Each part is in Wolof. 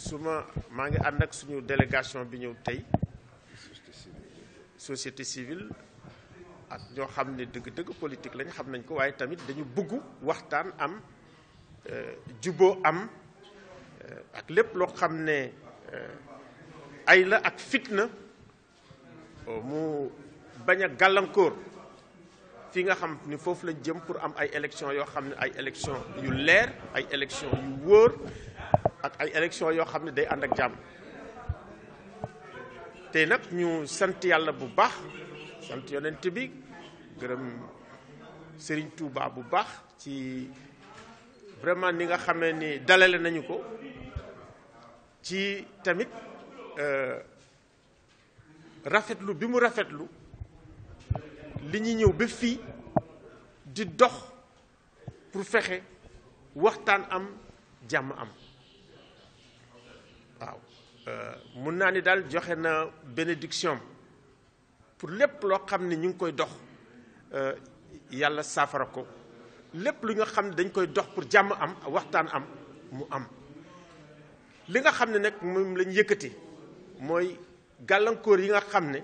su ma maa ngi ànd ak suñu délégation bi ñëw tey société civile ak ñoo xam ne dëgg-dëgg politique lañ xam nañ ko waaye tamit dañu bëgg waxtaan am euh, juboo am euh, ak lépp loo xam ne euh, ay la ak fitna mu bañ a gàllankoor fi nga xam ni foofu lañ jëm pour am ay élection yoo xam ne ay élection yu leer ay élection yu wóor ak ay élection yoo xam ne day ànd ak jàmm tey nag ñu sant yàlla bu baax sant yonent bi gërëm sëriñ Touba bu baax ci vraiment ni nga xamee ni dalale nañu ko ci tamit euh, rafetlu bi mu rafetlu li ñu ñëw ba fii di dox pour fexe waxtaan am jàmm am waaw euh, mun naa ni daal joxe na bénédiction pour lépp loo xam ne ñu ngi koy dox euh, yàlla saafara ko lépp lu nga xam ne dañ koy dox pour jàmm am waxtaan am mu am li nga xam ne nag moom lañ yëkkati mooy gàllankoor yi nga xam ne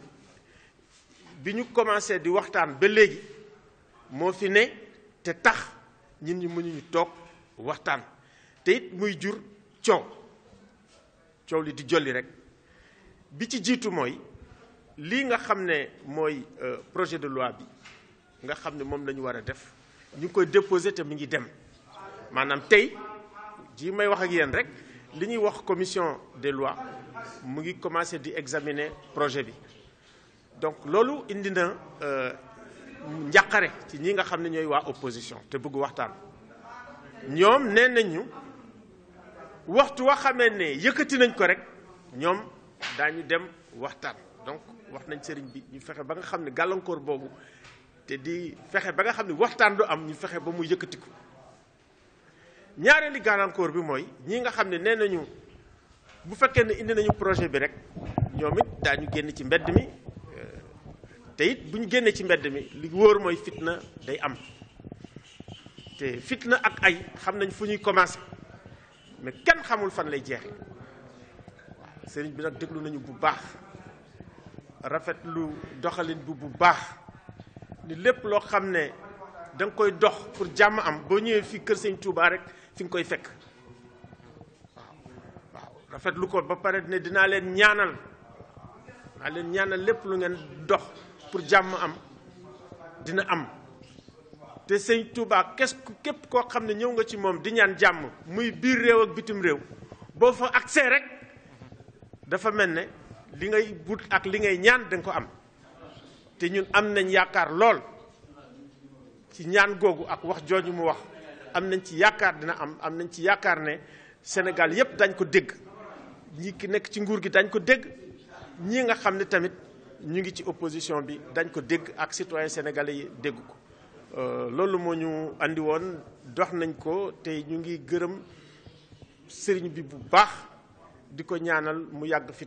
bi ñu commencé di waxtaan ba léegi moo fi ne te tax ñun ñi mënuñu toog waxtaan te it muy jur coow coow li di jolli rek bi ci jiitu mooy lii nga xam ne mooy euh, projet de loi bi nga xam ne moom la ñu war a def ñu ngi koy déposé te mi ngi dem maanaam tey ji may wax ak yéen rek li ñuy wax commission des lois mu ngi commencé di examiner projet bi donc loolu indi na euh, njaqare ci ñi nga xam ne ñooy waa opposition te bëgg waxtaan ñoom nee nañ waxtu wa xamee ne yëkkati nañ ko rek ñoom daañu dem waxtaan donc wax nañ sëriñ bi ñu fexe ba nga xam ne gàllankoor boobu te di fexe ba nga xam ne waxtaan du am ñu fexe ba mu yëkkati ko ñaareeli gàllankoor bi mooy ñi nga xam ne nee nañu bu fekkee ne indi nañu projet bi rek ñoom it daañu génn ci mbedd mi euh, te it bu ñu génnee ci mbedd mi li woor mooy fitna day am te fitna ak ay xam nañ fu ñuy commencé. mais kenn xamul fan lay jeexe waaw sëriñ bi nag déglu nañu bu baax rafetlu doxalin bi bu baax ni lépp loo xam ne danga koy dox pour jàmm am boo ñëwee fii kër sëñ Touba rek fi nga koy fekk waaw waaw rafetlu ko ba pare ne dinaa leen ñaanal dinaa leen ñaanal lépp lu ngeen dox pour jàmm am dina am te sëñ Touba kes képp koo xam ne ñëw nga ci moom di ñaan jàmm muy biir réew ak bitim réew boo fa accès rek dafa mel ne li ngay but ak li ngay ñaan danga ko am te ñun am nañ yaakaar lool ci ñaan googu ak wax jooju mu wax am nañ ci yaakaar dina am am nañ ci yaakaar ne Sénégal yépp dañ ko dégg ñi ki nekk ci nguur gi dañ ko dégg ñi nga xam ne tamit ñu ngi ci opposition bi dañ ko dégg ak citoyen sénégalais yi dégg ko Euh, loolu moo ñu andi woon dox nañ ko tey ñu ngi gërëm sëriñ bi bu baax di ko ñaanal mu yàgg fi